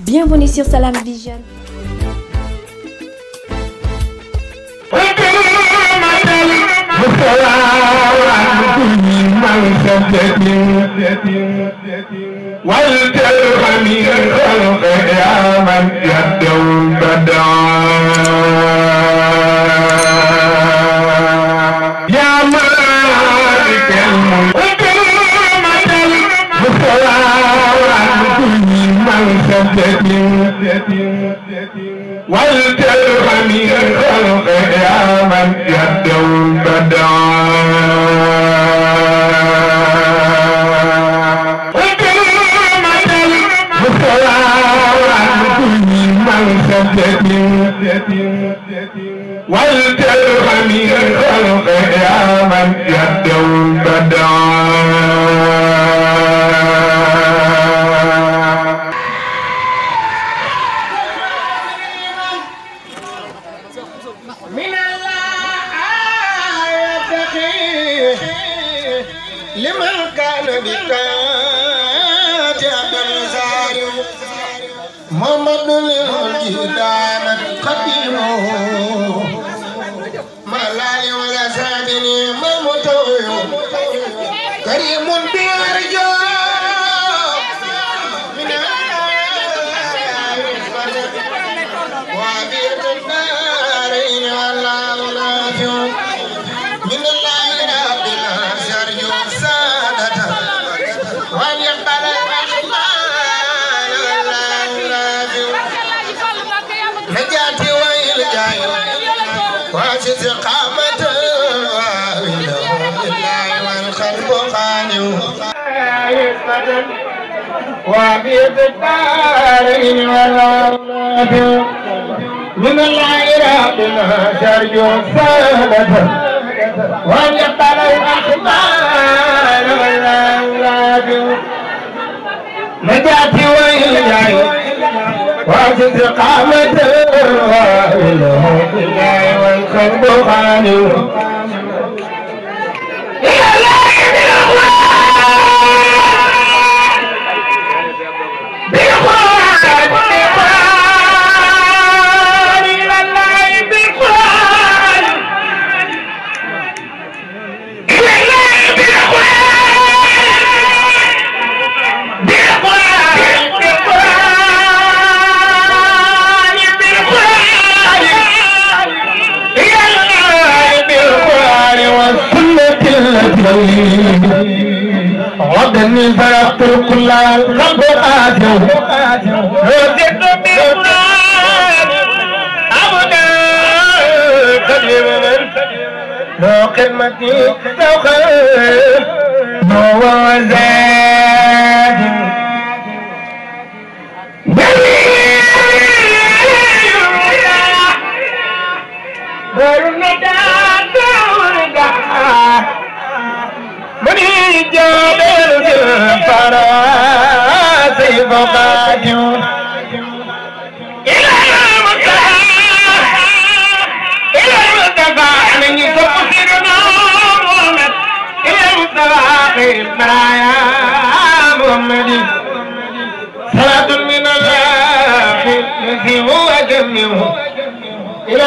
Bienvenue sur Salam Vision. والترحمي الخلق يا من يدعو البدع يا مالك الملك وحدة والترهم الخلق يا من يبدو البدعاء والترهم الخلق يا من يبدو البدعاء محمد للجدان قديمه ملالي ولا سامني ما متوي كريم بأرجاه وفي الدارين والأولاد من العراق شرج السادة ويقل الأحبار والأولاد نجاتي وإلهي وعجز قامة وإله بالله والخلق خالق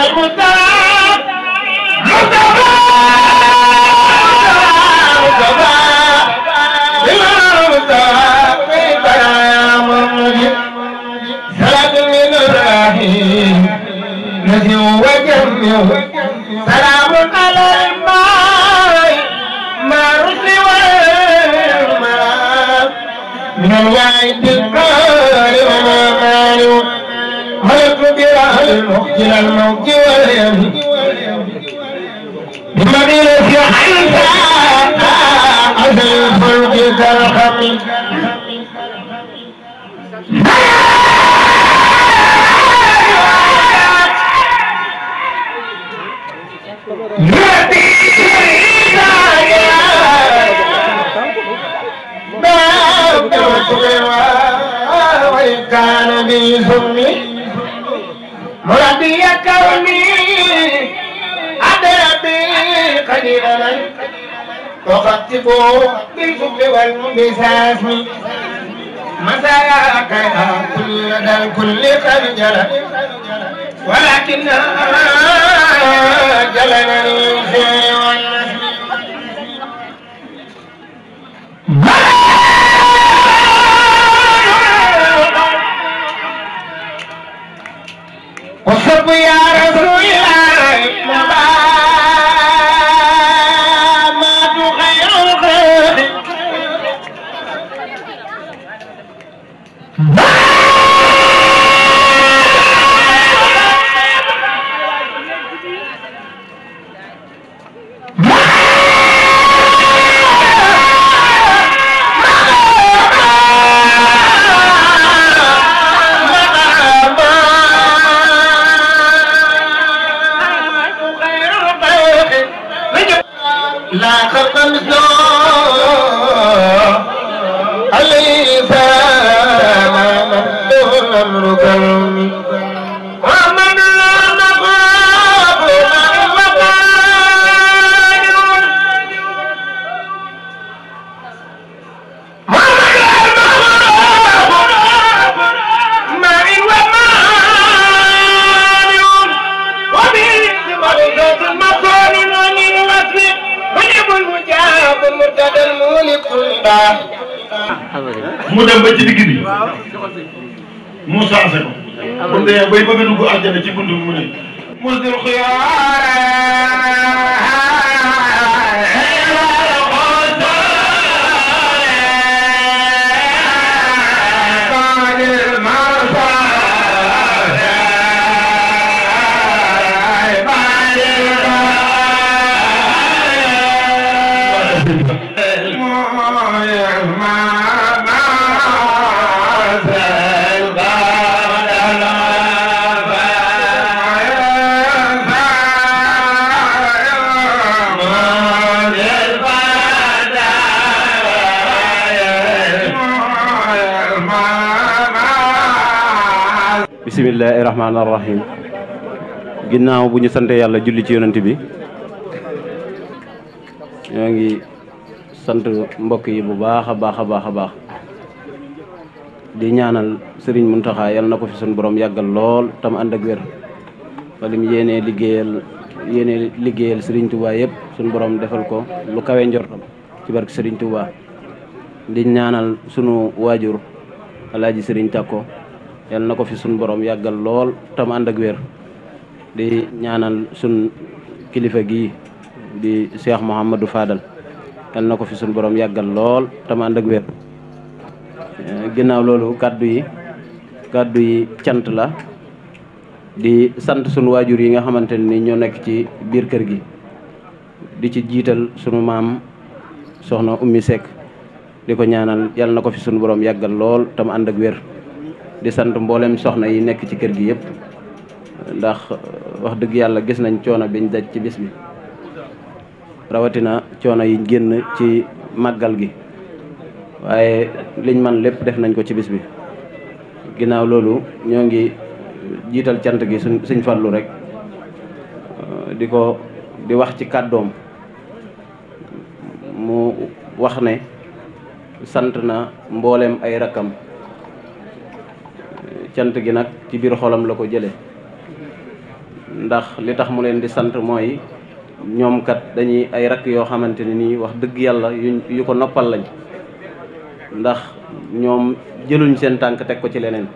المتعب المؤجل الموت واليم بمدينة حيفا أذى الفلك كالخمل وإن كان بهم رتبوا بالفضل والبساس مزاياك يا كل ذا الكل قد جلت ولكن جلت mu dem ba ci digg bi mu saase ko. bu dee bay bëgg a dugg àjjana ci bunt bi mu ne. bismillahi rahmaani rahim ginnaaw bu ñu santee yàlla julli ci yonent bi ñoo ngi sant mbokk yi bu baax a baax a baax a baax di ñaanal Serigne Mountakha yàlla na ko fi suñu boroom yàggal lool tam ànd ak wér falim yéenee liggéeyal yéenee liggéeyal Serigne Touba yëpp suñu borom defal ko lu kawe njortam ci barke Serigne Touba di ñaanal sunu waajur alaaji sëriñ Takko yal na ko fi sun borom yàggal lool tam ànd ak wér di ñaanal sun kilifa gi di Cheikh Mouhamadou Fadal yal na ko fi sun boroom yàggal lool tam ànd ak wér eh, ginnaaw loolu kàddu yi kàddu yi cant la di sant sunu waajur yi nga xamante ni ñoo nekk ci biir kër gi di ci jiital sunu maam soxna Ummi Seck di ko ñaanal yàlla na ko fi sunu borom yàggal lool tam ànd ak wér di sant mboolem soxna yi nekk ci kër gi yëpp ndax uh, wax dëgg yàlla gis nañ coono biñ daj ci bis bi rawatina coono yi génn ci màggal gi waaye liñ man lépp def nañ ko ci bis bi ginnaaw loolu ñoo ngi jiital cant gi suñ suñ rek uh, di ko di wax ci kàddoom mu wax ne sant na mboolem ay rakkam cant gi nag ci biir xolam la ko jële ndax li tax mu leen di sant mooy ñoom kat dañuy ay rakk yoo xamante ne nii wax dëgg yàlla yu yu ko noppal lañ ndax ñoom jëluñ seen tànk teg ko ci leneen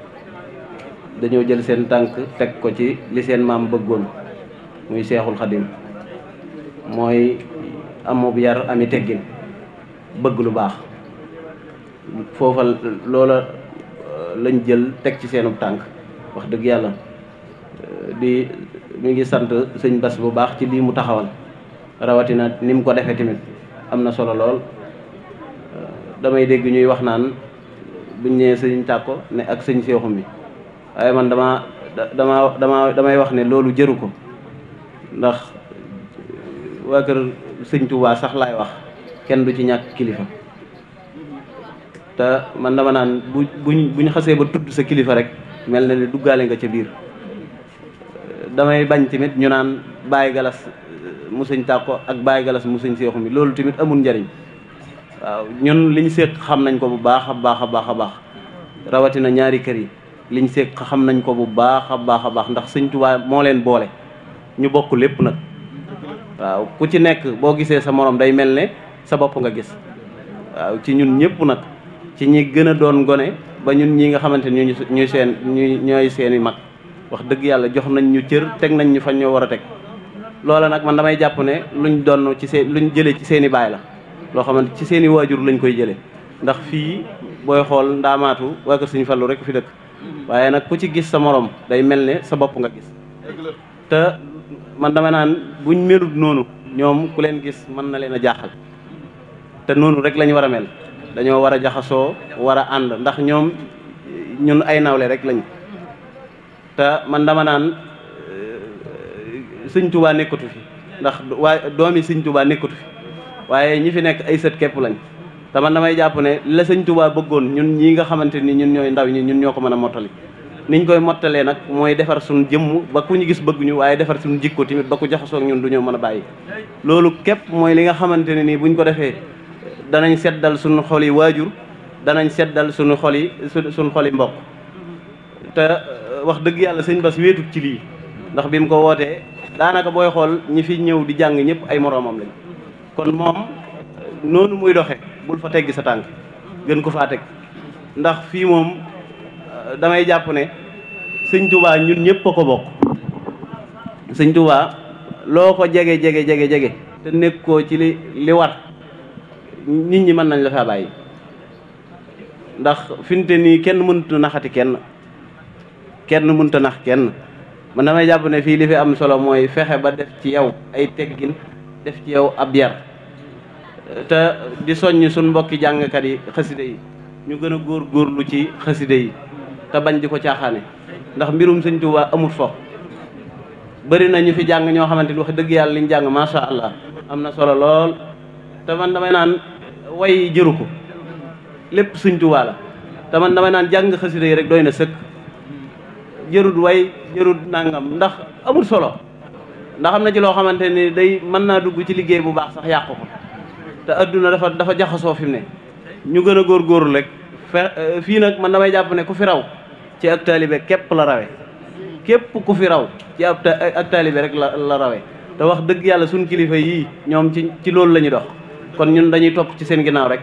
dañoo jël seen tànk teg ko ci li seen maam bëggoon muy seexul xadim mooy amub yar ami teggin bëgg lu baax foofa loola lañ jël teg ci seenub tànk wax dëgg yàlla euh, di mu ngi sant sëñ bas bu baax ci lii mu taxawal rawatina ni mu ko defee tamit am na solo lool euh, damay dégg ñuy wax naan buñ nee sëñ tàkko ne ak sëñ seexu bi waaye man dama dama dama damay wax ne loolu jëru ko ndax waa kër sëñ Tuubaa sax laay wax kenn du ci ñàkk kilifa te man dama naan bu buñ bu ñu xasee ba tudd sa kilifa rek mel na ni duggaale nga ca biir damay bañ tamit ñu naan bàyyi galas euh, mu sëñ tàkko ak bàyyi galas mu sëñ seexu mi loolu tamit amul njariñ waaw ñun liñ séq xam nañ ko bu baax a baax a baax a baax rawatina ñaari kër yi liñ séq xam nañ ko bu baax a baax a baax ndax sëñ Tuubaa moo leen boole ñu bokk lépp nag waaw ku ci nekk boo gisee sa moroom day mel ne sa bopp nga gis waaw ci ñun ñëpp nag ci ñi gën a doon gone ba ñun ñii nga xamante ni ñuy seen ñuy ñooy seeni mag wax dëgg yàlla jox nañ ñu cër teg nañ ñu fa ñoo war a teg loola nag man damay jàpp ne luñ doon ci seen luñ jëlee ci seen i baay la loo xamante ci seeni waajur lañ koy jëlee ndax fii booy xool ndaamaatu waa kër Sëñ Fallu rek fi dëkk waaye nag ku ci gis sa moroom day mel ne sa bopp nga gis te man dama naan buñ melut noonu ñoom ku leen gis mën na leen a jaaxal te noonu rek lañu war a mel dañoo war a jaxasoo war a ànd ndax ñoom ñun ay nawle rek lañu te man dama naan sëñ Tuubaa nekkatu fi ndax waaye doomi sëñ Tuubaa nekkatu fi waaye ñi fi nekk ay sët kepp lañ te man damay jàpp ne la sëñ Tuubaa bëggoon ñun ñii nga xamante ni ñun ñooy ndaw ñi ñun ñoo ko mën a mottali niñ koy mottalee nag mooy defar suñu jëmm ba ku ñu gis bëgguñu waaye defar suñu jikko tamit ba ku jaxasoo ñun du ñoo mën a bàyyi loolu képp mooy li nga xamante ne nii buñ ko defee danañ seddal suñu xol yi waajur danañ seddal suñu xol yi suñu xol yi mbokk te euh, wax dëgg yàlla sëñ Bass wéetut ci lii ndax bi mu ko wootee daanaka booy xool ñi fi ñëw di jàng ñëpp ay moroomam lañ kon moom noonu muy doxe bul fa teggi sa tànk gën ko faa teg ndax fii moom euh, damay jàpp ne sëñ Touba ñun ñëpp ko bokk sëñ Touba loo ko jege jege jege jege te koo ci li li war nit ñi mën nañ la faa bàyyi ndax finte nii kenn mënut naxati kenn kenn mënut nax kenn man damay jàpp ne fii li fi am solo mooy fexe ba def ci yow ay teggin def ci yow ab yar te di soññ suñ mbokki jàngkat yi xasida yi ñu gën a góor góorlu ci xasida yi te bañ di ko caaxaane ndax mbirum sëñ Tuubaa amut fo bëri na ñu fi jàng ñoo xamante ni wax dëgg yàlla liñ jàng macha allah am na solo lool te man damay naan way jëru ko lépp suñ tubaa la te man damay naan jàng xasida yi rek doy na sëkk jërut way jërut nangam ndax amul solo ndax am na ci loo xamante ni day mën naa dugg ci liggéey bu baax sax yàqu ko te adduna dafa dafa jaxasoo fim ne ñu gën a góor góorgóorlu rek fe euh, fii nag man damay jàpp ne ku fi raw ci ak taalibe képp la rawe képp ku fi raw ci ab ak taalibe rek la la rawe te wax dëgg yàlla suñ kilifa yii ñoom ci ci loolu la ñu dox kon ñun dañuy topp ci seen ginnaaw rek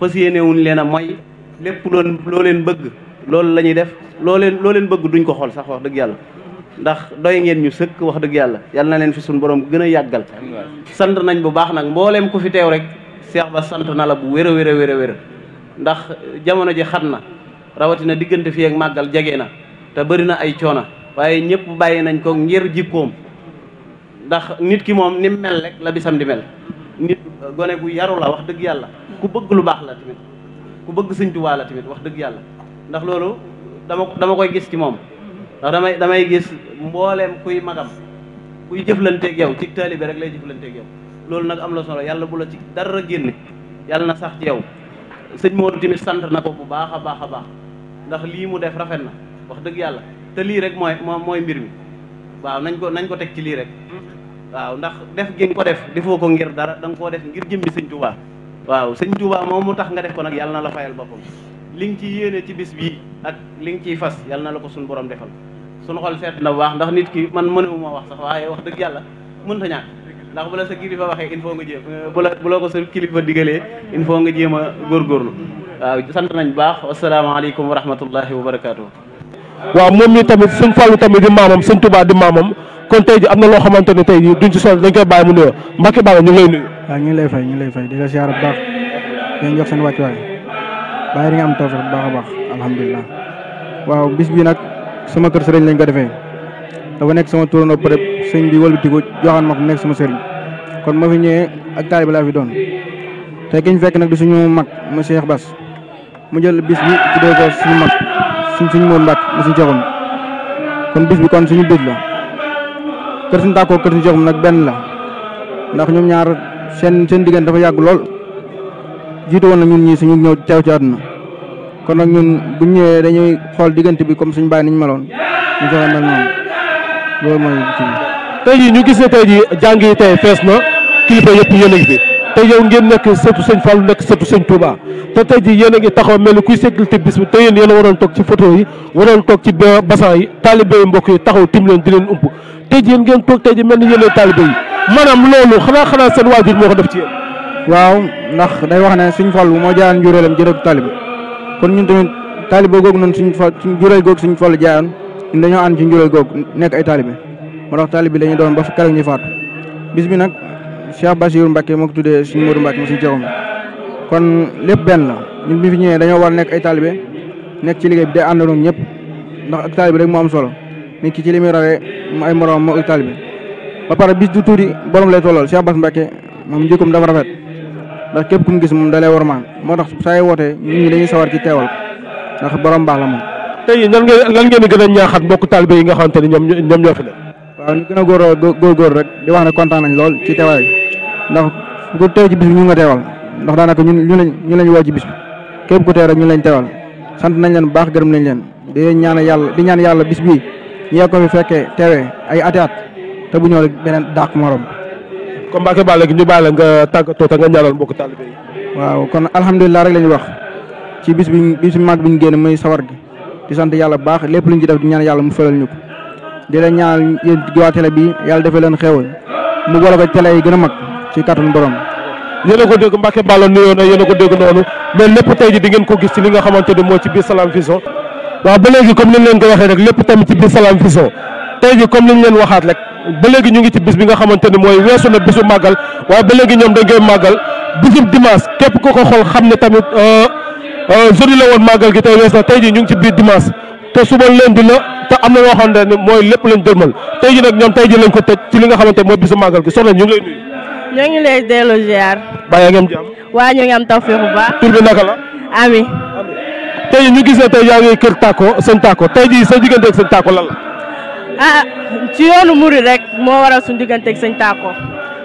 fas yéenewuñ leen a mooy lépp loon loo leen bëgg loolu la ñuy def loo leen loo leen bëgg duñ ko xool sax wax dëgg yàlla ndax doy ngeen ñu sëkk wax dëgg yàlla yal na leen fi suñu borom gën a yàggal sant nañ bu baax nag mbooleem ku fi teew rek Cheikh Ba sant na la bu wér a wér a wér a wér ndax jamono ji xat na rawatina diggante fii ak màggal jege na te bëri na ay coona waaye ñëpp bàyyi nañ ko ngir jikkoom ndax nit ki moom ni mu mel rek la bisam di mel gone gu yaru la wax dëgg yàlla ku bëgg lu baax la tamit ku bëgg sëñ Tuubaa la tamit wax dëgg yàlla ndax loolu dama dama koy gis ci moom ndax damay damay gis mbooleem kuy magam kuy jëflanteeg yow ci taalibe rek lay jëflanteeg yow loolu nag am la solo yàlla bu la ci dara génne yàlla na sax ci yow sëñ Modou tamit sant na ko bu baax a baax a baax ndax lii mu def rafet na wax dëgg yàlla te lii rek mooy mooy mbir mi waaw nañ ko nañ ko teg ci lii rek waaw ndax def gi nga ko def defoo ko ngir dara da nga koo def ngir jëmmi sëñ Tuubaa waaw sëñ Tuubaa moom mu tax nga def ko nag yàlla na la fayal boppam li nga ci yéene ci bis bii ak li nga fas yal na la ko suñu borom defal suñu xol seet na bu baax ndax nit ki man mënewu ma wax sax waaye wax dëgg yàlla mën ta ñàkk ndax bu la sa kilifa waxee il faut nga jéem bu la bu la ko sa kilifa digalee il faut nga jéem a góorgóorlu waaw sant nañ baax asalaamaaleykum wa rahmatullahi wa barakaatu. waaw moom mi tamit sëñ Fallou kon tey ji am na loo xamante ne tey ji duñ ci sol dañ koy bàyyi mu nuyoo Mbacke Balla ñu ngi lay nuyu. waaw lay fay ñu ngi lay fay di la siyaar bu baax am tawfeex bu baax a baax alhamdulilah waaw bis bi nag sama kër sëriñ lañ ko defee dafa nekk suma turandoo peut être sëñ bi wëlbati ko joxaan ma ko nekk sama sëriñ kon ma fi ñëwee ak taalibe laa fi doon te ki fekk nag di suñu mag mu Cheikh mu jël bis bi tuddee ko suñ suñu moom Mbacke mu suñu joxam kon bis kon suñu bis la kër suñu tàkkoo kër suñu jox nag benn la ndax ñoom ñaar seen seen diggante dafa yàgg lool jiitu woon na ñun ñii suñu ñëw teew ci àdduna kon nag ñun bu ñëwee dañuy xool diggante bi comme suñu bàyyi niñ meloon ñu joxe mel noonu loolu mooy ci tey ñu gis na tey jii jàng yi tey fees na kilifa yëpp yéen a ngi fi te yow ngeen nekk sëtu sëñ Fall nekk sëtu sëñ Touba te tey jii yéen a ngi taxaw mel ni kuy sécurité bis bi te yéen yéen a waroon toog ci photo yi waroon toog ci basan yi taalibe yi mbokk yi taxaw tim leen di leen ump tey jii ngeen toog tey jii mel ni yéen taalibe yi maanaam loolu xanaa xanaa seen waajur moo ko def ci yéen. waaw ndax day wax ne suñ Fallu moo jaayoon njureelam jërëjëf taalibe kon ñun tamit taalibe googu noonu suñ fa suñ njureel googu suñ Fallu jaayoon ñun dañoo ànd ci njureel googu nekk ay taalibe moo tax taalibe dañu doon ba fa keroog faat bis bi nag Cheikh Bassirou Mbacke moo ko tuddee suñu Modou Mbacke suñu Ceexum kon lépp benn la ñun bi fi ñëwee dañoo war nekk ay taalibe nekk ci liggéey bi day àndandoo ñëpp ndax ak taalibe rek moo am solo mu ay moroom mu taalibe bi ba pare bis du tuuti borom lay tollool Cheikh Bass Mbacke moom njëkkum dafa rafet ndax képp ku mu gis moom da war warmaan moo tax saa yu wootee nit ñi dañuy sawar ci teewal ndax borom baax la moom. tey lan ngeen lan ngeen di gën a ñaaxaat mbokk taalibe yi nga xam ni ñoom ñoom ñoo fi ne. waaw ñu gën a góor góorgóor rek di wax ne kontaan nañ lool ci teewaay ndax ku teew ci bis bi ñu nga teewal ndax daanaka ñun ñu lañ ñu lañ woo ci bis bi képp ku teew rek ñu lañ teewal sant nañ leen bu baax gërëm nañ leen di ñaan yàlla di ñaan yàlla bis bii yee ko fi fekkee teewee ay ati te bu ñëw rek beneen dàq morom. comme Mbacke Balla gi ñu bàyyi la nga tàggatoo te nga ñaanal mbokk taalibe yi. waaw kon alhamdulilah rek la ñuy wax ci bis bi bis mag bi ñu génn muy sawar gi di sant yàlla bu baax lépp lu ñu ci def di ñaan yàlla mu fëlal ñu ko di leen ñaanal yéen waa télé bi yàlla defee leen xéewal mu boole ko télé yi gën mag ci kàttanu borom. yéen a dégg a ko dégg noonu mais lépp tey di ngeen ko gis ci li nga xamante ne moo ci biir Salam Vision. waaw ba léegi comme ni leen ko waxee rek lépp tamit ci biir Salam Vision tey ji comme ni leen waxaat rek ba léegi ñu ngi ci bis bi nga xamante ni mooy weesu na bisu màggal waaye ba léegi ñoom dañ màggal bisub dimanche képp ku ko xool xam ne tamit euh, euh, journée la woon màggal gi tey wees na tey ji ñu ngi ci biir dimanche te suba leen dina te am na loo xam ne mooy lépp lañ dërmal tey ji nag ñoom tey ji lañ ko tëj ci li nga xamante mooy bisu màggal gi soxna ñu ngi lay nuyu. ñoo ngi lay delloo ngeen jàmm. waa ñu ngi am tawfeex bu baax. tur bi naka la. ami. tey ñu gis ne tey yaa ngi kër Tako sëñ Tako tey jii sa diggante ak sëñ Tako lan ah ci yoonu murid rek moo waral suñu diggante sëñ Tako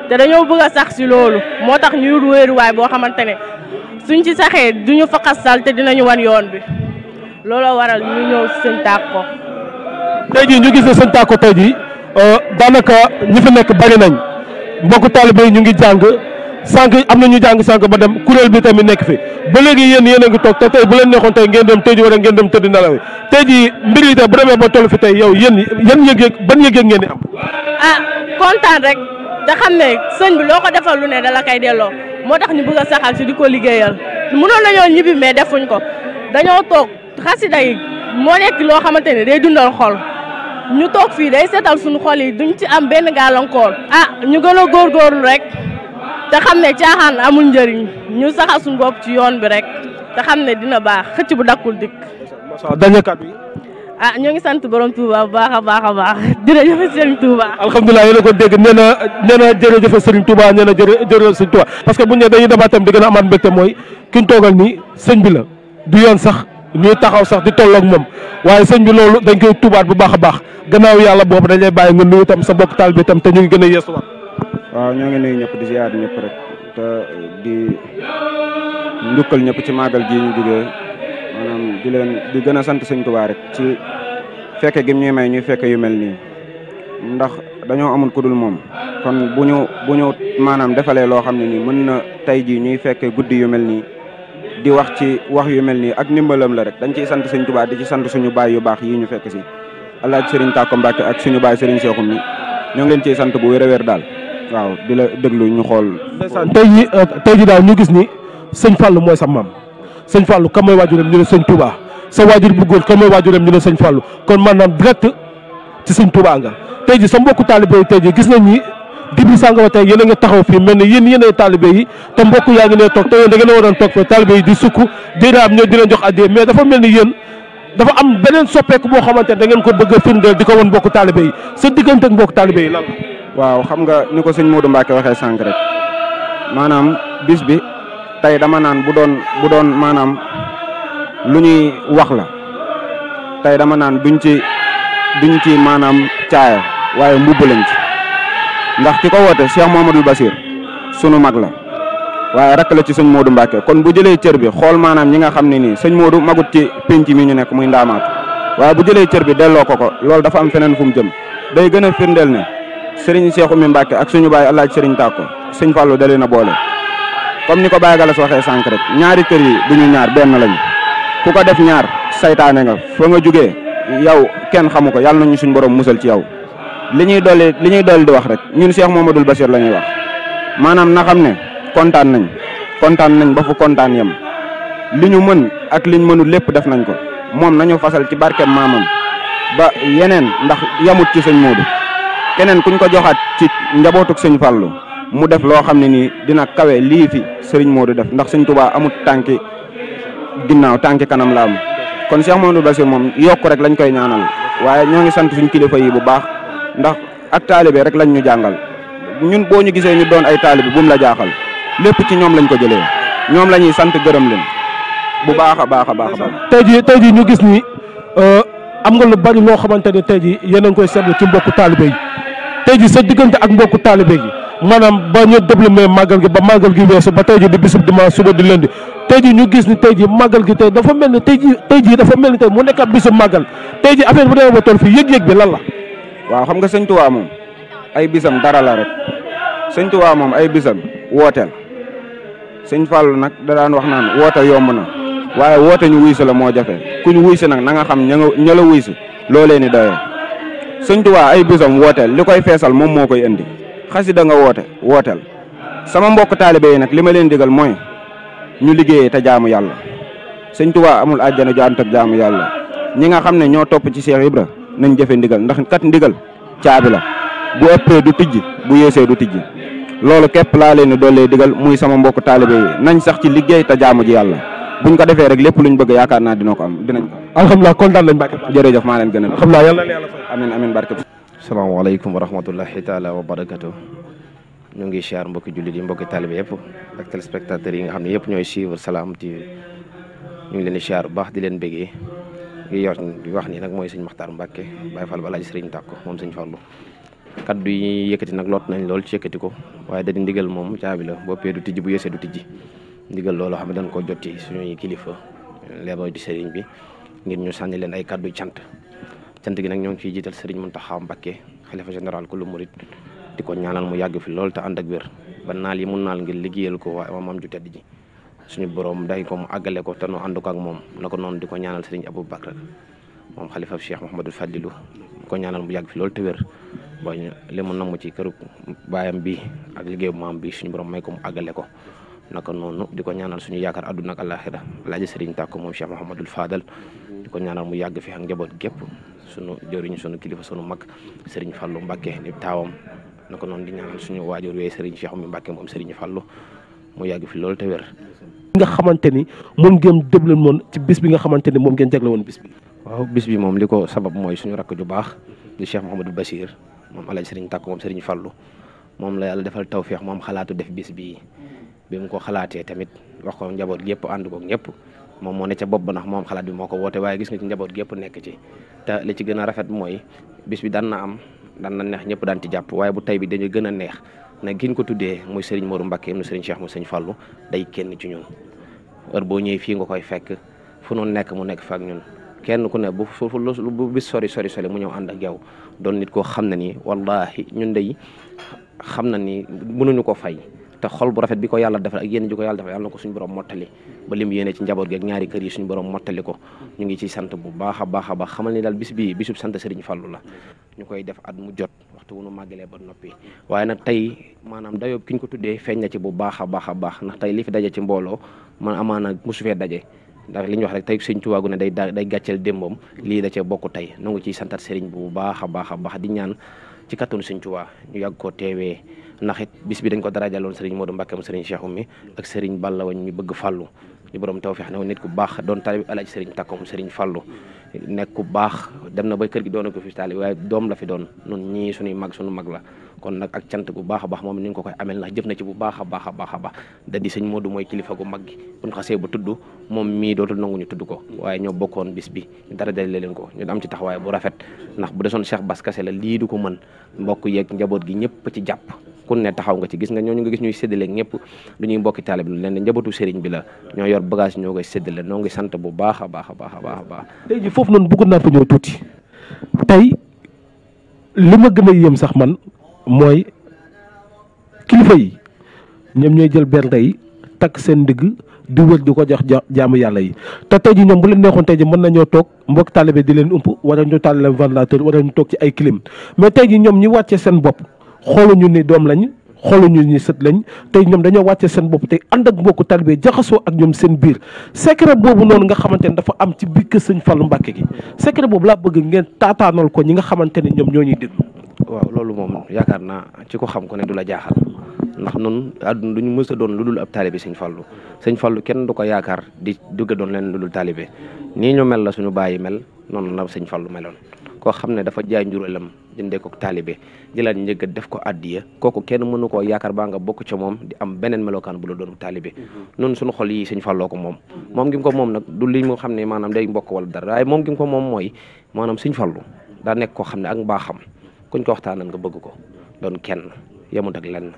te bëgg a sax si loolu moo tax ñu wut wéeruwaay boo xamante ne suñ ci saxee duñu fa xasal dinañu wan yoon bi looloo waral ñu ñëw si sëñ Tako. tey jii ñu gis ne sëñ Tako tey ji euh, daanaka ñi fi nekk bari nañ mbokku taalibe yi ñu ngi jàng. sànq am na ñu jàng sànq ba dem kuréel bi tamit nekk fi ba léegi yéen yéen a ngi toog te tey bu leen neexoon tey ngeen dem tey ji wala tëdd yi tey bu demee ba toll fi tey yow yéen yan yëg-yëg ban yëg-yëg ngeen di am. ah kontaan rek da xam ne sëñ bi loo ko defal lu ne dala kay delloo moo tax ñu bëgg a saxal si di ko liggéeyal mënoon nañoo ñibbi mais defuñ ko dañoo toog xasida yi moo nekk loo xamante ne day dundal xol. ñu toog fii day seetal suñu xol yi duñ ci am benn gàllankoor ah, a góorgóorlu rek te xam ne caaxaan amul njëriñ ñu saxal suñu bopp ci yoon bi rek te xam ne dina baax xëcc bu dakkul dikk. ah ñoo ngi sant borom Touba bu a baax a baax jërëjëf Serigne Touba. alhamdulilah yéen a ko dégg nee na nee na jërëjëf Serigne Touba nee na jërëjëf Serigne Touba parce que bu ñu nee dañuy débat tam di gën a amaat mbégte mooy ki ñu toogal sëñ bi la du yoon sax ñuy taxaw sax di tolloog moom waaye sëñ bi loolu dañ koy tubaat bu baax a baax gannaaw yàlla boobu dañ lay bàyyi nga nuyu tam sa bokk taal bi tam te ñu ngi gën a yeesuwaat. waaw ñoo ngi nuyu ñëpp di ziar ñëpp rek te di njukkal ñëpp ci màggal gii ñu jógee maanaam di leen di gën a sant sëñ Tuubaa rek ci fekke gim ñuy may ñuy fekke yu mel nii ndax dañoo amul ku dul moom kon bu ñu bu ñu maanaam defalee loo xam ne nii mën na tey jii ñuy fekke guddi yu mel nii di wax ci wax yu mel nii ak ndimbalam la rek dañ ciy sant sëñ Tuubaa di ci sant suñu baay yu baax yi ñu fekk si Alaaji Sëriñ Tàkko Mbàkke ak suñu baay Sëriñ Seexu mi ñoo ngi leen sant bu wér daal waaw di la déglu ñu xool. ndeysaan tey jii euh, jii daal ñu gis ni sëñ Fallou mooy sa maam sëñ Fallou kam mooy waajuram ñu ne sëñ Touba sa waajur bu góor kan ñu ne sëñ Fallou kon maanaam direct ci sëñ Touba nga tey jii sa mbokku taalibe yi tey jii gis nañ ni Djiby Sangawar tey yéen a nga taxaw fii mel ni yéen yéen ay taalibe yi te mbokk yaa ngi ne toog te yéen da ngeen a waroon toog fa taalibe yi di sukk dina jox addee mais dafa mel ni yéen dafa am beneen soppeeku boo xamante ne da ngeen ko bëgg firndeel di ko won mbokku taalibe yi sa diggante ak mbokku taalibe yi waaw xam nga ni ko sëñ Modou Mbacke waxee sànq rek maanaam bis bi tey dama naan bu doon bu doon maanaam lu ñuy wax la tey dama naan duñ ci duñ ci maanaam caaya waaye mbubb lañ ci ndax ki ko woote Cheikh Mouhamadoul Bassir sunu mag la waaye rakk la ci sëñ Modou Mbacke kon bu jëlee cër bi xool maanaam ñi nga xam ni nii sëñ Modou magut ci penc mi ñu nekk muy ndaamaatu waaye bu jëlee cër bi delloo ko ko loolu dafa am feneen fu mu jëm day gën a firndeel ne sëriñ Cheikh Oumy Mbacke ak suñu baay El Hadj Sëriñ Tako sëñ Fallou da leen a boole comme ni ko Baye Galas waxee sànq ñaari kër yi du ñu ñaar benn lañu ku ko def ñaar seytaane nga fa nga jugee yow kenn xamu ko yàlla nañu suñu borom musal ci yow. li ñuy dolli li ñuy dolli di wax rek ñun moom Cheikh Momadou Bachir la ñuy wax maanaam na xam ne kontaan nañ kontaan nañ ba fu kontaan yam li ñu mën ak liñ mënul lépp def nañ ko moom nañu fasal ci barkeem maamam ba yeneen ndax yamut ci sëñ Modou. keneen kuñ ko joxaat ci njabootuk sëñ Fallu mu def loo xam ne nii dina kawe lii fi Serigne du def ndax sëñ Touba amut tànki ginnaaw tànki kanam la am seex Cheikh Mamadou Bassir moom yokk rek lañ koy ñaanal waaye ñoo ngi sant suñ kilifa yi bu baax ndax ak taalibe rek lañ ñu jàngal ñun boo ñu gisee ñu doon ay taalibe bu mu la jaaxal lépp ci ñoom lañ ko jëlee ñoom la sant gërëm leen bu baax a baax a baax a tey jii ñu gis ni euh, am nga lu bari loo xamante ne tey jii yéen a ngi koy seetlu ci mbokku taalibe tey ji sa diggante ak mbokku taalibe gi maanaam ba ñu déblomé màggal gi ba màggal gi weesu ba tey ji di bisub dimanche suba di lundi tey ji ñu gis ni tey ji màggal gi tey dafa mel ni tey ji tey ji dafa mel ni tey mu nekk ab bisub màggal tey ji affaire bu demee ba toll fii yëg-yëg bi lan la waaw xam nga sëñ Tuubaa moom ay bisam dara la rek sëñ Tuubaa moom ay bisam wooteel sëñ Fallou nag da daan wax naan woote yomb na waaye woote ñu wuy la moo jafe ku ñu wuy nag na nga xam ña nga ña la si loolee ni doyee sëñ Tuubaa ay bisam wooteel li koy feesal moom moo koy indi xasida nga woote wooteel sama mbokk taalibe yi nag li ma leen digal mooy ñu liggéeyee te jaamu yàlla sëñ Tuubaa amul àjjana ju ànd jaamu yàlla ñi nga xam ne ñoo topp ci Cheikh Ibra nañ jëfe ndigal ndax kat ndigal caabi la bu ëppee du tijji bu yéesee du tijji loolu képp laa leen doolee digal muy sama mbokk taalibe yi nañ sax ci liggéey te jaamu ji yàlla buñ ko defee rek lépp luñ bëgg yaakaar naa dina ko am dinañ alhamdulilah kontaan nañ Mbacke jërëjëf maa leen gën a alhamdulilah yàlla na yàlla fay amiin amiin barke salaamaaleykum wa rahmatullahi taala wa barakatu ñu ngi siyaar mbokki jullit yi mbokki taalibe yëpp ak téléspectateurs yi nga xam ne yëpp ñooy suivre Salam TV ñu ngi leen di siyaar bu baax di leen béggee li yor wax nii nag mooy sëñ Maxtaar Mbacke Baye Fall ba laaj sëriñ tàkko moom sëñ Fallu kaddu yi yëkkati nag lot nañ lool ci yëkkati ko waaye da di ndigal moom caabi la boppee du tijji bu yësee du tijji ndigal loolu xam ne dañ koo jot ci suñuy kilifa leeboo di sëriñ bi ngir ñu sànni leen ay kàddu cant cant gi nag ñoo ngi ciy jiital Serigne Mountakha mbakke xalifa général ku lu murit di ko ñaanal mu yàgg fi loolu te ànd ak wér ba naal mun naal ngir liggéeyal ko waaye maam ju tedd suñu borom day ko mu àggale ko te nu ànd ko ak moom na ko noonu di ko ñaanal Serigne Abou Bakr moom xalifa Cheikh Mouhamadou Fadilou di ko ñaanal mu yàgg fi loolu te wér ba li mu namm ci këru baayam bi ak liggéeyu maam bi suñu borom may ko mu àggale ko naka noonu di ko ñaanal suñu yaakaar àdduna ak àllaaxira laaji sëriñ tàkk moom Cheikh Mouhamadul Fadal di ko ñaanal mu yàgg fi ak gépp sunu jëriñ sunu kilifa sunu mag sëriñ Fallou Mbacke di taawam naka noonu di ñaanal suñu waajur yooyu sëriñ Cheikh mi Mbacke moom sëriñ Fallou mu yàgg fi loolu te nga xamante ni moom ngeen déglu woon ci bis bi nga xamante ni moom ngeen jagle woon bis bi. waaw bi moom li ko sabab mooy suñu rakk ju baax di Cheikh Mouhamadul Bachir moom alaaji sëriñ tàkk moom sëriñ Fallou moom la yàlla defal tawféex moom xalaatu def bis bii bi mu ko xalaatee tamit wax ko njaboot gépp ànd koog ñëpp moom moo ne ca bopp ba ndax moom xalaat bi moo ko woote waaye gis nga ci njaboot gépp nekk ci te li ci gën a rafet mooy bis bi daan na am daan na neex ñëpp daan ci jàpp waaye bu tey bi dañu gën a neex na giñ ko tuddee muy Serigne Modou Mbacké mu Serigne Cheikh mu Serigne Fallou day kenn ci ñun heure boo ñëwee fii nga koy fekk fu nu nekk mu nekk fa ak ñun kenn ku ne bu bu bis sori sori sori mu ñëw ànd a yow doon nit koo xam na ni wallahi ñun day xam na ni mënuñu ko fay te xol bu rafet bi ko yàlla defal ak yéen ji ko yàlla defal yàlla na ko suñu borom mottali ba lim yéene ci njaboot gi ak ñaari kër yi suñu borom mottali ko ñu ngi ciy sant bu baax a baax a baax xamal ni daal bis bii bisub sant Serigne la ñu koy def at mu jot waxtu wu nu màggalee ba noppi waaye nag tey maanaam dayoob ki ñu ko tuddee feeñ na ci bu baax a baax a baax ndax tey li fi daje ci mbooloo man amaana mosu fee daje ndax li ñu wax rek tey sëñ Tuubaa gu ne day day gàcceel démbam lii da cee bokk tey nu ciy santat Serigne bu baax a baax a baax di ñaan ci kattanu sëñ Tuubaa ñu yàgg koo teewee ndax it bis bi dañ ko darajaloon sëriñ Modou Mbacke mu sëriñ Cheikh Oumy ak sëriñ Balla Wañ bëgg fàllu di borom tawfeex ne nit ku baax doon talib alaaji sëriñ Takkom sëriñ fàllu nekk ku baax dem na ba kër gi doona ko fi taali waaye doom la doon nun ñii suñuy mag suñu mag la kon nag ak cant bu baax a baax moom ni nga ko koy amel ndax jëf na ci bu baax a baax a baax a baax da di sëñ Modou mooy kilifa gu mag gi buñ bu tudd moom mii dootul nangu ñu tudd ko waaye ñoo bokkoon bis bi ñu dara dale leen ko ñu am ci taxawaay bu rafet ndax bu desoon Cheikh Bass kese la lii du ko mën mbokk yeeg njaboot gi ñëpp ci jàpp ku ne taxaw nga ci gis nga ñooñu nga gis ñuy séddale ñëpp du ñuy mbokki taalibe leen njabootu sëriñ bi la ñoo yor bagage ñoo koy séddale noo bu baax baax a baax a baax a baax léegi foofu noonu bëggoon naa fa ñëw tuuti tey a yéem sax man mooy kilifa yi ñoom ñooy jël bernde yi takk seen ndigg di wër di ko jox jaamu yàlla yi te tey ji ñoom bu leen neexoon tey ji mën nañoo toog mbokk taalibe di leen ump wala ñu taal leen ventilateur wala ñu toog ci ay kilim mais tey ji ñoom ñi wàcce seen bopp xooluñu ni doom lañ ñu ni sët lañ tey ñoom dañoo wàcce seen bopp tey ànd ak mbokku talibé jaxasoo ak ñoom seen biir secret boobu noonu nga xamante ne dafa am ci biir kër sëñ Fallou Mbacké gi secret bëgg ngeen taataanal ko ñi nga xamante ne ñoom ñoo ñuy déglu. waaw loolu moom yaakaar naa ci ko xam ko ne du la jaaxal ndax noonu àdduna du ñu mës a doon lu dul ab talibé sëñ Fallou sëñ Fallou kenn du ko yaakaar di dugg doon leen lu dul talibé nii ñu mel la suñu bàyyi mel noonu la sëñ Fallou meloon koo xam ne dafa jaay njureelam jëndee ko taalibe jëlaat njëgga def ko addiya kooku kenn mënu koo yaakaar baa nga bokk ca di am beneen melokaan bu la doon taalibe mhm. noonu suñu xol yi sëñ fàlloo ko moom moom gi ko moom nag du li nga xam ne maanaam day mbokk wala dara moom gi ko moom mooy maanaam sëñ faloo daa nekk koo xam ne ak mbaaxam kuñ ko waxtaanal nga bëgg ko doon kenn yemut ak lenn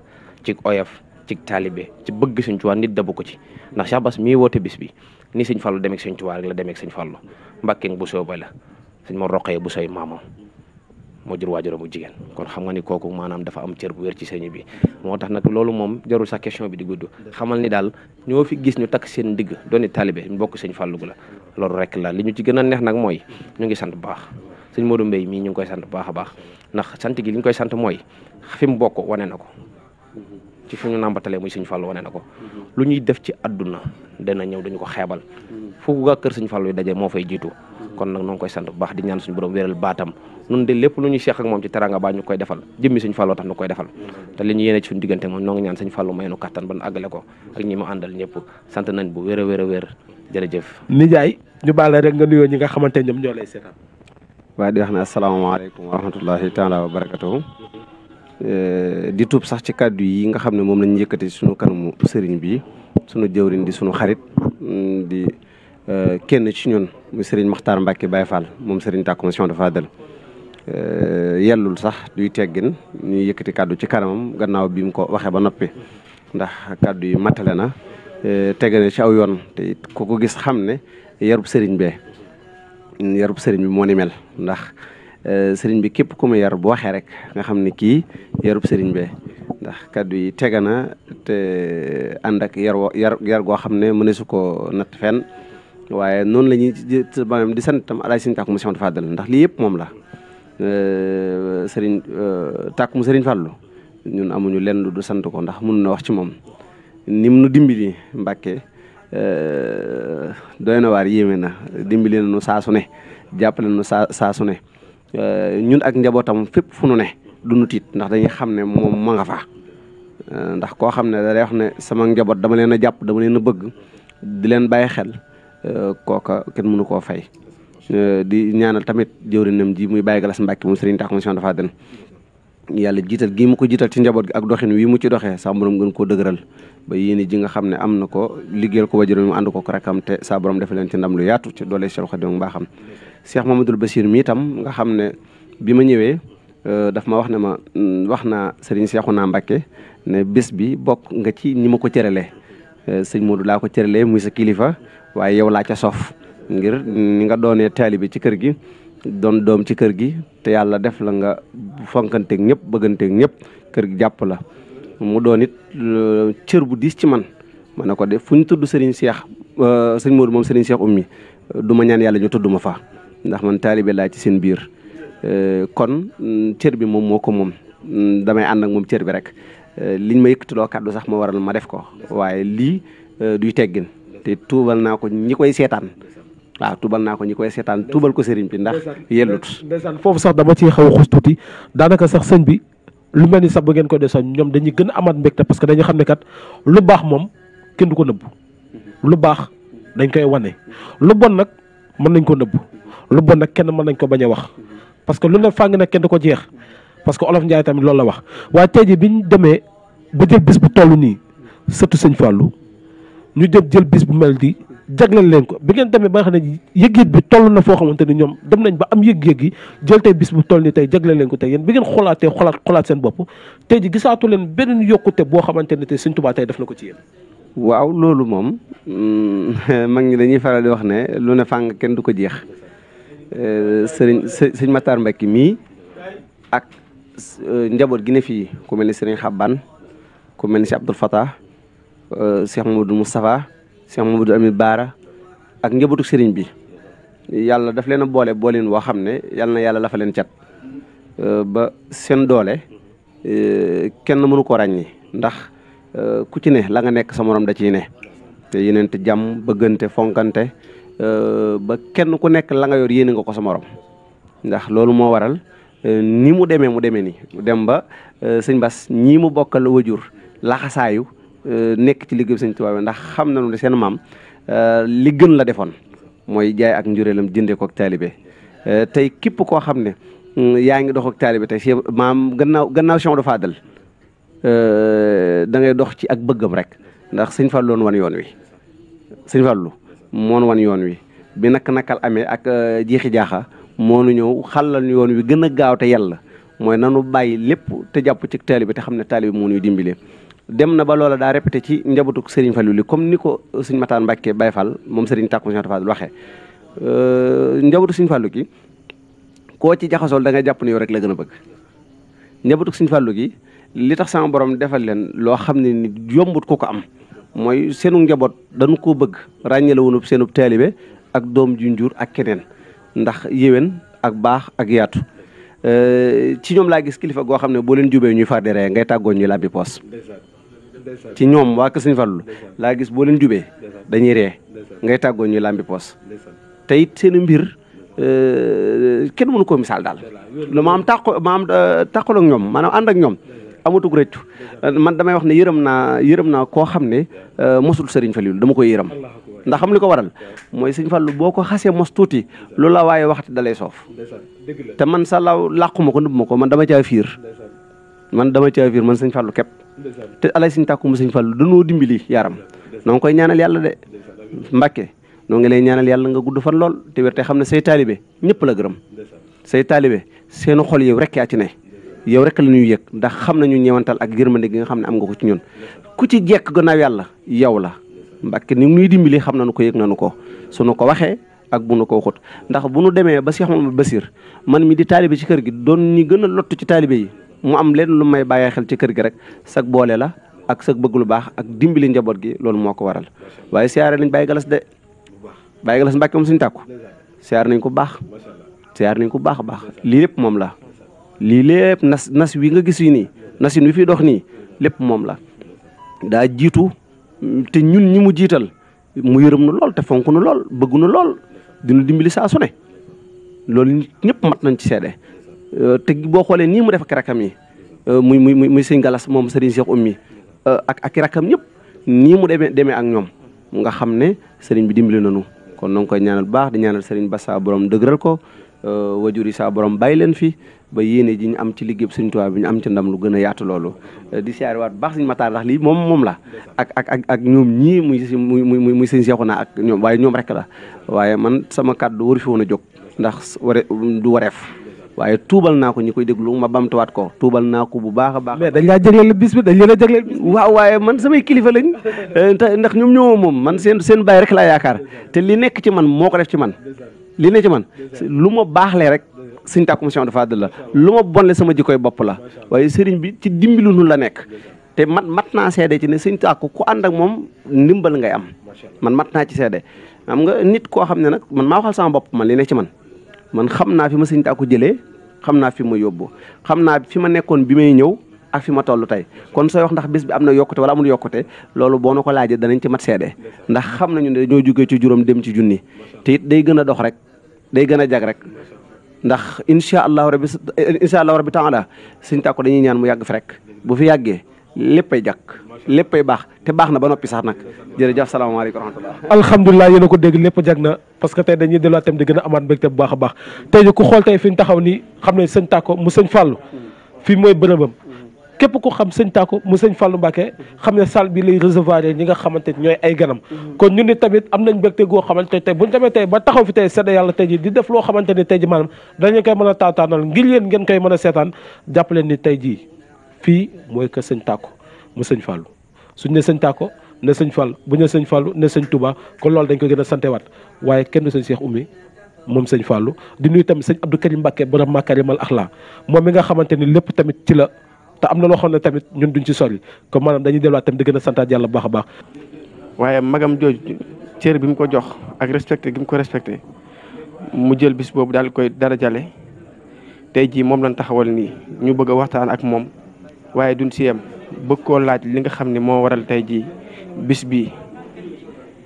ci oyof ci taalibe ci bëgg sëñ Tuubaa nit dabu ko ci ndax Cheikh Bass mii woote bis bi ni sëñ fàllu demeek sëñ Tuubaa rek la demeek sëñ fàllu mbàkke bu sooba la sëñ ma roqee bu sooy maamam moo jur waajuram bu jigéen kon xam nga ni kooku maanaam dafa am cër bu wér ci sëñ bi moo tax nag loolu moom jarul sax question bi di gudd xamal ni daal ñoo fi gis ñu takk seen digg dooni taalibe ñu bokk sëñ Fallou la loolu rek la li ñu ci gën a neex nag mooy ñu ngi sant bu baax sëñ Modou Mbaye mii ñu ngi koy sant bu baax a baax ndax sant gi li ñu koy sant mooy fi mu bokk wane na ko ci fu ñu nàmbatalee muy sëñ Fallou wane na ko lu ñuy def ci àdduna dana ñëw dañu ko xeebal fu ga kër sëñ Fallou yi daje moo fay jiitu kon nag noo koy sant bu baax di ñaan suñu borom wéral baatam nun de lépp lu ñu seex ak moom ci teranga baa ñu koy defal jëmmi suñu fàlloo tax ñu koy defal te li ñu yéene ci suñu diggante moom noo ngi ñaan suñu fàllu may nu kattan ban àggale ko ak ñi mu àndal ñëpp sant nañ bu wér a wér a jërëjëf nijaay ñu baal rek nga nuyoo ñi nga xamante ñoom ñoo lay seetaan waaye di wax ne asalaamaaleykum wa rahmatullahi taala wa barakatuhu eh, di tuub sax ci kàddu yi nga xam ne moom lañu yëkkati suñu kanamu sëriñ bi suñu jëwriñ di suñu xarit kenn ci ñun mu Serigne Makhtar Mbacke Baye Fall moom Serigne Tàkku Mission de Fadel euh, yellul sax duy teggin ñuy yëkkati kàddu ci kanamam gannaaw bi mu ko waxee ba noppi ndax kàddu yi mattale na euh, tegane ci aw yoon te it ku ko gis xam ne yarub sëriñ be yarub sëriñ bi moo ni mel ndax euh, Serigne bi képp ku mu yar bu waxee rek nga xam ne kii yarub sëriñ be ndax kàddu yi tege na te ànd ak yar yar goo xam ne mëneesu koo natt fenn. waaye noonu la ñuy maanaam di sant itam alaaj sëriñ tàkku mu Cheikh Fadal ndax lii yëpp moom la euh, sëriñ euh, tàkku mu sëriñ Fàllu ñun amuñu lenn du sant ko ndax mun na wax ci moom nim nu dimbali Mbàkke euh, doy na waar yéeme na dimbali na nu saasu ne jàppale nu saa saasu ne ñun ak njabootam fépp fu nu ne du nu tiit ndax dañuy xam ne moom ma nga fa ndax koo xam ne da wax ne sama njaboot dama leen a jàpp dama leen a bëgg di leen bàyyi xel kooka kenn mënu koo fay euh, di ñaanal tamit jëwrinam ji muy Baye Galas Mbàkke moom sëriñ tax Mission dafa den yàlla jiital gii mu ko jiital ci njaboot gi ak doxin wii mu ci doxee saa borom gën koo dëgëral ba yéene ji nga xam ne am na ko liggéeyal ko wajuram mu ànd ko rakkam te saa borom def leen ci ndam lu yaatu ci doole Cheikh Khadim mbaaxam Cheikh Mamadou Bassir mi itam nga xam ne bi ma ñëwee euh, dafa ma wax ne ma hmm, wax naa sëriñ Cheikhouna Mbacke ne bés bi bokk nga ci ñi ma ko cëralee euh, sëñ Modou laa ko cëralee muy sa kilifa waaye yow laa ca sof ngir ni nga doonee taalibe ci kër gi doon doom ci kër gi te yàlla def la nga fonkanteeg ñëpp bëgganteeg ñëpp kër gi jàpp la mu doon it euh, cër bu diis ci man ma ne ko de fu ñu tudd Serigne Cheikh euh, sëñ Modou moom Serigne Cheikh ummi du ma ñaan yàlla ñu tudd ma fa ndax man taalibe laa ci seen biir euh, kon mm, cër bi moom moo ko moom mm, damay ànd ak moom cër bi rek liñ ma yëkkatiloo kàddu sax ma waral ma def ko waaye lii duy teggin te tuubal naa ko ñi koy seetaan waaw tuubal naa ko ñi koy seetaan tuubal ko sëriñ bi ndax yellut ndeysaan foofu sax dama ciy xaw a daanaka sax sëñ bi lu mel ni sax bu ngeen ko desoon ñoom dañuy gën a amaat mbégte parce que dañu xam ne kat lu baax moom kenn du ko nëbb lu baax dañ koy wane lu bon nag mën nañ ko nëbb lu bon nag kenn mën nañ ko bañ a wax parce que lu ne fàng nag kenn du ko jeex parce que olof Ndiaye tamit loolu la wax waaye tey jii bi ñu demee ba jël bis bu toll nii surtout sëñ Fallou ñu jël jël bis bu mel di jagleel leen ko bi ngeen demee ba nga xam bi toll na foo xamante ni ñoom dem nañ ba am yëg-yëg yi jël tey bis bu toll ni tey jagleel leen ko tey yéen bi ngeen xoolaatee xoolaat xoolaat seen bopp tey ji gisaatu leen beneen yokkute boo xamante ne tey Sëñ Tuubaa tey def na ko ci yéen waaw loolu moom mm, mag ñi dañuy faral di wax ne lu ne fàng kenn du ko jeex euh, sëriñ sëñ Matar Mbacke mii ak euh, njaboot gi ne fii ku mel ni sëriñ Xabban ku mel ni si Abdoul Fatah Euh, Cheikh Mamadou Moustapha Cheikh Mamadou Ami Baara ak njabootu sëriñ bi yàlla daf leen a boole booleen woo xam ne yàlla na yàlla lafa leen cat euh, ba seen doole euh, kenn mënu koo ràññi ndax ku ci ne la nga nekk sa morom da ciy ne te yeneen yeneente jàmm bëggante fonkante ba kenn ku nekk la nga yor yéene nga ko sa morom ndax loolu moo waral ni mu demee mu demee nii dem ba sëñ Bass ñii mu bokkal wajur laxasaayu Euh, nekk ci liggéey sëñ Tuubaa ndax xam nañu ne seen maam euh, li gën la defoon mooy jaay ak njureelam jëndee ko ak taalibe euh, tey képp koo xam ne mm, yaa ngi dox ak taalibe tey si maam gannaaw gannaaw Cheikh Fadal da ngay dox ci ak bëggam rek ndax sëñ Fallu loon wan yoon wi sëñ Fallu moon wan yoon wi bi nak nakal amee ak jeexi jaaxa nu ñëw xàllal yoon wi gën a gaaw te yàlla mooy nanu bàyyi lépp te jàpp ci taalibe te xam ne taalibe moo ñuy dimbilee dem na ba loola daa répété ci njabootu Serigne Fallou li comme ni ko Serigne Matar Mbacke bay fal moom Serigne Takku Serigne Fallou waxee euh, njabootu Serigne Fallou gi koo ci jaxasool da ngay jàpp ne yow rek la gën a bëgg njabootu Serigne Fallou gi li tax sama borom defal leen loo xam ne ni yombut ko ko am mooy seenu njaboot dañu koo bëgg ràññale woonub seenub taalibe ak doom junjur ak keneen ndax yéwén ak baax ak yaatu euh, ci ñoom laa gis kilifa goo xam ne boo leen jubee ñuy far di ngay tàggoo ñuy làbbi poos ci ñoom waa kër Sëñ Fallu laa gis boo leen jubee dañuy ree ngay tàggoo ñuy làmbi poos te it seen mbir euh, kenn mënu koo misaal daal lu ma am tàqo ma am euh, tàqal ñoom maanaam ànd ak ñoom amatug rëccu man damay wax ne yërëm naa yërëm naa koo xam ne euh, mosul Sëriñ Fallu dama koy yërëm ndax xam li ko waral mooy Sëñ Fallu boo ko xasee mos tuuti lu la waaye waxati dalay soof te man sa law làquma ko nëbb ma ko man dama caa fiir man dama caa fiir man Sëñ Fallu képp te alay siñ tàkku mu sëñ Fallu danoo dimbali yaram noo ngi koy ñaanal yàlla de Mbàkke noo lay ñaanal yàlla nga gudd fan lool te wér te xam ne say taalibe ñëpp la gërëm say taalibe seenu xol yow rek yaa ci ne yow rek la ñuy yëg ndax xam nañu ñewantal ak yërmande gi nga xam ne am nga ko ci ñun ku ci jekk gannaaw yàlla yow la Mbàkke ni nuy dimbali xam nañu ko yëg nañu ko su nu ko waxee ak bu nu ko waxut ndax bu nu demee ba Cheikh Mamadou Basir man mi di taalibe ci kër gi doon ñi gën a lott ci taalibe yi mu am leen lu may bàyyee xel ci kër gi rek sag boole la ak sag bëgg lu baax ak dimbali njaboot gi loolu moo ko waral waaye siyaare nañ Baye Galas de Baye Galas Mbàkke moom suñu tàkku siyaare nañ ko baax siyaare nañ ko baax a baax lii lépp moom la lii lépp nas nas wi nga gis yi nii nasin wi fi dox nii lépp moom la daa jiitu te ñun ñi mu jiital mu yërëm nu lool te fonk nu lool bëgg nu lool dinu dimbali saa su ne loolu ñëpp mat nañ ci seede Euh, te boo xoolee nii mu def ak rakam yi euh, muy muy muy sëñ Galas moom Serigne Cheikh Oumy euh, ak ak rakam ñëpp nii mu demee demee ak ñoom nga xam ne sëriñ bi dimbali nañu kon noo ngi koy baax di ñaanal sëriñ ba borom dëgëral ko wajur yi saa borom bàyyi leen fi ba yéene ji ñu am ci liggéey sëriñ Tuubaa bi ñu am ci ndam lu gën a yaatu loolu di siyaare baax sëriñ Matar lii moom moom la ak ak ak ak ñoom ñii muy muy muy muy sëriñ Seexuna ak ñoom waaye ñoom rek la waaye man sama kàddu waru fi woon a jóg ndax ware du woreef waaye tuubal naa ko ñi koy déglu ma bamtuwaat ko tuubal naa ko bu baax a baax. mais dañ laa jagleel bis bi dañ leen a waaw waaye man samay kilifa lañ eh, ndax ñoom ñoo moom man seen seen bàyyi rek laa yaakaar te li nekk ci man moo ko def ci man li ne ci man lu ma baaxlee rek Sëñ Tàkku Monsieur Abdou Fadel la lu ma bonle sama jikkoy bopp la waaye sëriñ bi ci dimbilu nu la nekk te mat mat naa seede ci ne Sëñ Tàkku ku ànd ak moom ndimbal ngay am man mat naa ci seede xam nga nit koo xam ne nag man maa waxal sama bopp man li ne ci man man xam naa fi ma Sëñ Tàkku jëlee xam naa fi ma yóbbu xam naa fi ma nekkoon bi may ñëw ak fi ma toll tey kon sooy wax ndax bis bi am na yokkute wala amul yokkute loolu boo na ko laajee danañ ci mat seede ndax xam nañu ne dañoo jugee ci juróom dem ci junni te it day gën a dox rek day gën a jag rek ndax incha allahu rabi incha allahu rabi taala suñ tàkko dañuy ñaan mu yàgg fi rek bu fi yàggee léppay jàkk léppay baax te baax na ba noppi sax nag jërëjëf salaamaaleykum wa rahmatulah. alhamdulilah yéen a ko dégg lépp jag na parce que tey dañuy delluwaat a amaat mbégte bu baax a baax xool tey fi ñu taxaw nii xam ne sëñ Tako mu sëñ Fallou fii mooy bërëbam. képp ku xam sëñ Tako mu sëñ Fallou Mbacke xam ne salle bi lay recevoir ñi nga xamante ñooy ay ganam kon ñun ni tamit am nañ mbégte goo xamante tey buñu demee tey ba taxaw fi tey sedda yàlla tey ji di def loo xamante ni tey ji maanaam dañu koy mën a taataanal ngir yéen ngeen koy mën a seetaan jàppaleen ni tey jii fii mooy que sëñ tàkko mu sëñ fàllu suñ ne sëñ tàkko ne sëñ fàll bu ne sëñ fàllu ne sëñ Touba kon loolu dañ ko gën a waat waaye kenn du sëñ Cheikh Oumy moom sëñ fàllu di nuyu tamit sëñ Abdou Karim Mbacke borom Makarimal Akhla moom mi nga xamante ni lépp tamit ci la te am na loo xam ne tamit ñun duñ ci sori comme maanaam dañuy delluwaat tamit di gën a santaat baax a baax. waaye magam jooju cër bi mu ko jox ak respecté gi mu ko respecté mu jël bis boobu daal koy dara jale tey jii moom lañ taxawal nii ñu bëgg a waxtaan ak moom waaye duñ si yem bëgg koo laaj li nga xam ne moo waral tey jii bis bii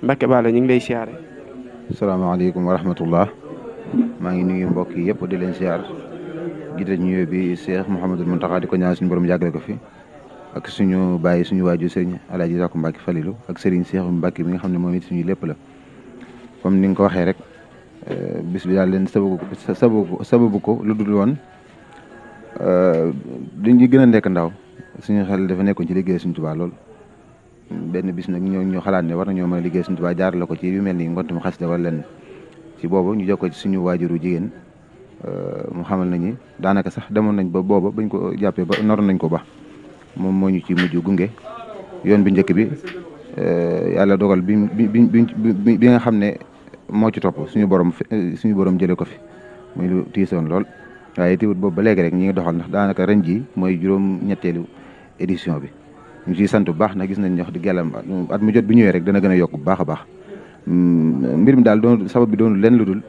Mbacke Balla ñu ngi lay siyaare. salaamaaleykum wa rahmatullah maa ngi nuyu mbokk yi yëpp di leen siyaar jiite nuyoo bi Cheikh Mouhamadul Mountakha di ko ñaan suñu borom jàggale ko fi ak suñu bàyyi suñu waaju sëriñ Alaaji Sakku Mbacke Falilou ak sëriñ Cheikh Mbacke mi nga xam ne moom it suñu lépp la comme ni nga ko waxee rek eh, bis bi daal leen sababu sababu sababu ko lu dul woon. Euh, dañuy gën a nekk ndaw suñu xel dafa nekkoon ci liggéey suñu Tuubaa lool benn bis nag ñoo ñu xalaat ne war nañoo mën liggéey suñu Tuubaa jaar la ko ci yu mel ni ngontum xas wala lenn ci boobu ñu jokkoo ci suñu waajuru jigéen euh, mu xamal nañu daanaka sax demoon nañ ba booba bañ ko jàppee ba noroon nañ ko ba moom moo ñu ci mujj gunge yoon bu njëkk bi euh, yàlla dogal bi bi nga xam ne moo ci topp suñu borom suñu borom jëlee ko fi muy lu tiisoon lool. waaye teewut boobu ba léegi rek ñi ngi doxal ndax daanaka ren ji mooy juróom ñetteelu édition bi ñu ciy sant bu baax ndax gis nañ wax di gàllam at mu jot bu ñëwee rek dana gën a yokk bu baax a baax mm, mbir mi daal doon sabab bi doon leen lu dul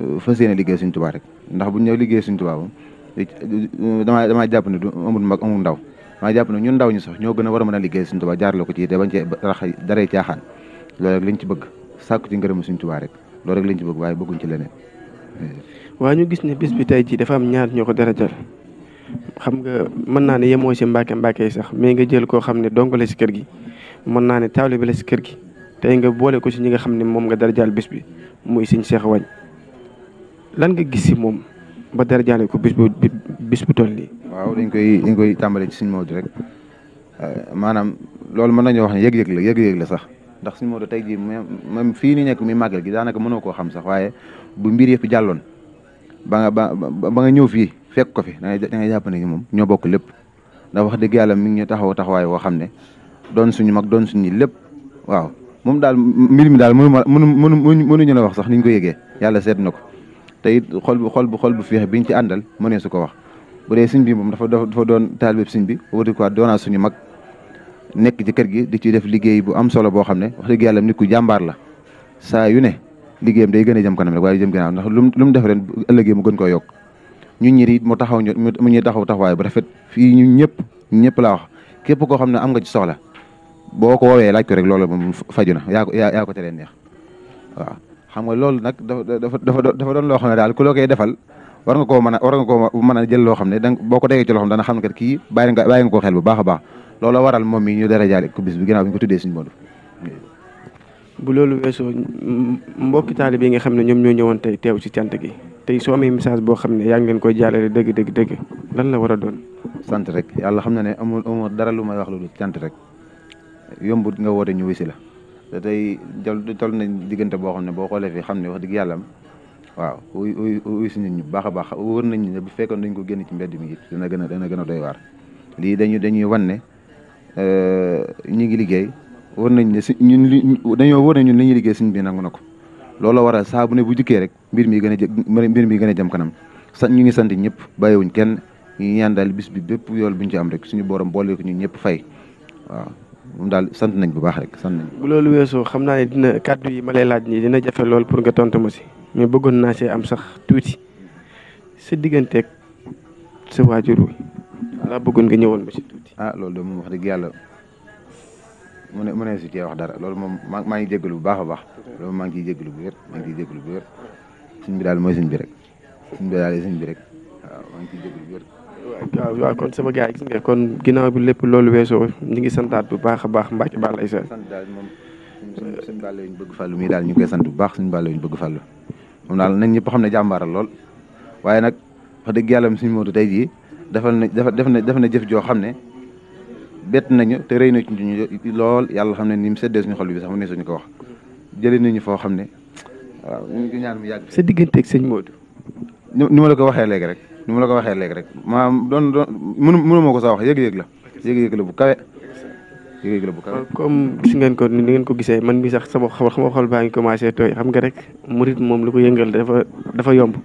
euh, fas yéene liggéey suñ tubaa rek ndax bu ñëw liggéey suñ tubaa moom eh, euh, damaa jàpp ne du amul mag ndaw maa jàpp ne ñun ndaw ñu sax ñoo gën a war mën a liggéey suñ tubaa jaarale ko ci te bañ cee rax daree caaxaan loolu rek lañ ci bëgg sàkku ci ngërëm suñ tubaa rek loolu rek lañ ci bëgg waaye bëgguñ ci leneen waa ñu gis ne bis bi tey jii dafa am ñaar ñoo ko darajal xam nga mën naa ne yemoo si mbàkke mbàkke yi sax mais nga jël koo xam ne dong la si kër gi mën naa ne taalibe la si kër gi tey nga boole ko si ñi nga xam ne moom nga darajaal bis bi muy Sëñ Seex Wañ lan nga gis si moom ba darajaale ko bis bu bis bu toll nii. waaw dañ koy dañ koy tàmbalee ci Sëñ Maodo rek euh, maanaam loolu mën nañoo wax ne yëg-yëg la yëg-yëg la sax ndax Sëñ Maodo tey jii même fii ni nekk mi màggal gi daanaka mënoo koo xam sax bu mbir yëpp jàlloon ba nga ba ba nga ñëw fii fekk ko fi da ngay da ngay moom ñoo bokk lépp ndax wax dëgg yàlla mi ngi ñu taxaw taxawaay woo xam ne doon suñu mag doon suñu lépp waaw moom daal mbir mi daal mënu ma mënu mënu mënuñu la wax sax ni ñu ko yëgee yàlla seet na ko te it xol bu xol bu xol bu féex biñ ci àndal mënee su ko wax bu dee sëñ bi moom dafa dafa doon taalibe sëñ bi wati quoi doonaa suñu mag nekk ci kër gi di ci def liggéey bu am solo boo xam ne wax dëgg yàlla nit ku jàmbaar la saa yu ne liggéeyam day gën a jëm kanam rek waaye jëm ginnaaw ndax lu def ren ëllëgee mu gën koo yokk ñun ñi it taxaw ñu mu ñuy taxaw taxawaay bu rafet fii ñun ñëpp ñëpp laa wax képp koo xam ne am nga ci soxla boo ko woowee laaj ko rek loolu moom faju na yaa ko yaa ko teleen neex waaw xam nga loolu nag dafa dafa dafa doon loo xam ne daal ku la koy defal war nga koo mën a war nga koo mën jël loo xam ne danga boo ko tegee ci loo xam ne dana xam ne kii bàyyi nga bàyyi nga koo xel bu baax a baax loolu waral moom mi ñu dara jaale ko bis bi ginnaaw bi ñu ko tuddee suñu Modou bu loolu weesoo mbokki taalibe yi nga xam ne ñoom ñoo ñëwoon tey teew ci cant gi tey soo amee message boo xam ne yaa ngi leen koy jàllale dëgg dëgg dëgg lan la war a doon. sant rek yàlla xam na ne amul amul dara lu may wax loolu sant rek yombut nga woote ñu wisi la te tey jël toll nañ diggante boo xam ne boo xoolee fii xam ne wax dëgg yàlla waaw uy uy uy si nit ñu baax a baax wër nañ ne bu fekkoon dañ ko génn ci mbedd mi it dana gën a dana gën a doy lii dañu dañuy wan ne euh, ñu ngi liggéey. war nañ ne si ñun li dañoo war ñun li ñuy liggéey sëñ bi nangu na ko loolu waral saa bu ne bu jukkee rek mbir mi gën a mbir mi gën a jëm kanam sa ñu ngi sant ñëpp bàyyiwuñ kenn ñu ñaan daal bis bi bépp yool bu ñu ci am rek suñu borom boole ko ñëpp fay waaw moom daal sant nañ bu baax rek sant nañ. bu loolu weesoo xam naa ne dina kàddu yi ma lay laaj nii dina jafe lool pour nga tontu ma si mais bëggoon naa se am sax tuuti si digganteeg sa waajur wi bëggoon nga ñëwoon ma si tuuti. ah loolu de moom wax dëgg yàlla. mu ne mu ne su cee wax dara loolu moom maa maa ngi jégalu bu baax a baax loolu maa ngi ciy jégalu bu wér maa ngi ciy jégalu suñ bi daal mooy suñ bi rek suñ bi bi rek waaw maa ngi bu wér. waaw waaw kon sama gars yi gis nga kon ginnaaw bi lépp loolu weesoo ñu ngi santaat bu baax a baax Mbacke Balla Aïssa. sant daal moom suñu Balla ñu bëgg fàllu mii daal ñu koy sant bu baax suñu Balla ñu bëgg fàllu moom daal nañ ñëpp xam ne jàmbaaral lool waaye nag wax dëgg yàlla suñu moodu tey jii defal na def na def na jëf joo xam ne bett nañu te rëy na ci ñu lool yàlla xam ne ni mu seddee suñu xol bi sax mu ne suñu ko wax jëlee nañu foo xam ne waaw ñu ngi ñaan mu yàgg. sa digganteeg sëñ ma la ko waxee léegi rek ni ma la ko waxee léegi rek maanaam doon doon mënu mënu ko sax wax yëg-yëg la yëg-yëg la bu kawe. yëg-yëg la bu comme gis ngeen ko ni ngeen ko gisee man mi sax sama xol sama xol baa ngi commencé tooy xam nga rek murit moom lu ko yëngal dafa dafa yomb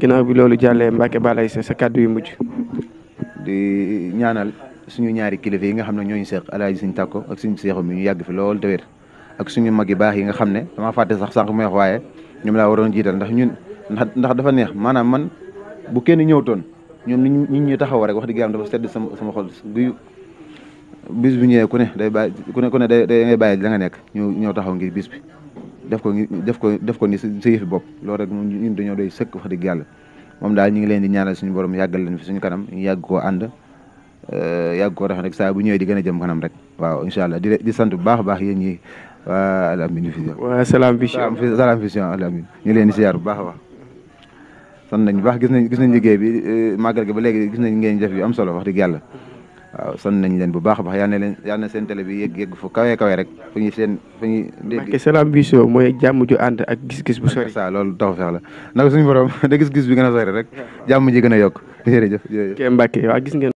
ginnaaw bi loolu jàllee Mbacke Balaye sa sa kàddu yu mujj. di ñaanal. suñu ñaari kilifa yi nga xam ne ñooñu seex alaaji suñ tàkko ak suñ seexu mi ñu yàgg fi lool te wér ak suñu mag yu baax yi nga xam ne damaa fàtte sax sànq may wax waaye ñoom laa waroon jiital ndax ñun ndax dafa neex maanaam man bu kenn ñëwtoon ñoom ni ñu taxaw rek wax dëgg yàlla dafa sedd sama sama xol guyu bis bi ñëwee ku ne day bàyyi ku ne ku ne day day nekk ñëw ñëw taxaw ngir bis bi def ko def ko def ko ni sa yëfi bopp loolu rek moom ñun dañoo doy sëkk wax dëgg yàlla moom daal ñu ngi leen di ñaanal suñu borom yàggal leen fi suñ kanam ñu yàgg koo ànd Euh, yàgg koo rafet rek saa bu ñëwee di a jëm kanam rek waaw incha allah di di sant bu baax a baax yéen ñi waa Al Amine Vision. waa Salam Vision Salam Vision Al Amine ñu leen a baax. sant nañu bu baax gis nañ gis nañ liggéey bi euh, màggal gi ba léegi gis nañ ngeen jëf bi am solo wax dëgg yàlla. leen bu baax a baax yal na leen yal na seen télé bi yegg yegg fu kawe kawe rek fu ñuy seen mooy jàmm ju ànd ak gis-gis bu sori. sa loolu taxu feex la ndax suñu borom da gis-gis bi gën a sori rek jàmm ji gën a yokk jërëjëf jërëjëf. Mbacke waa gis ngeen.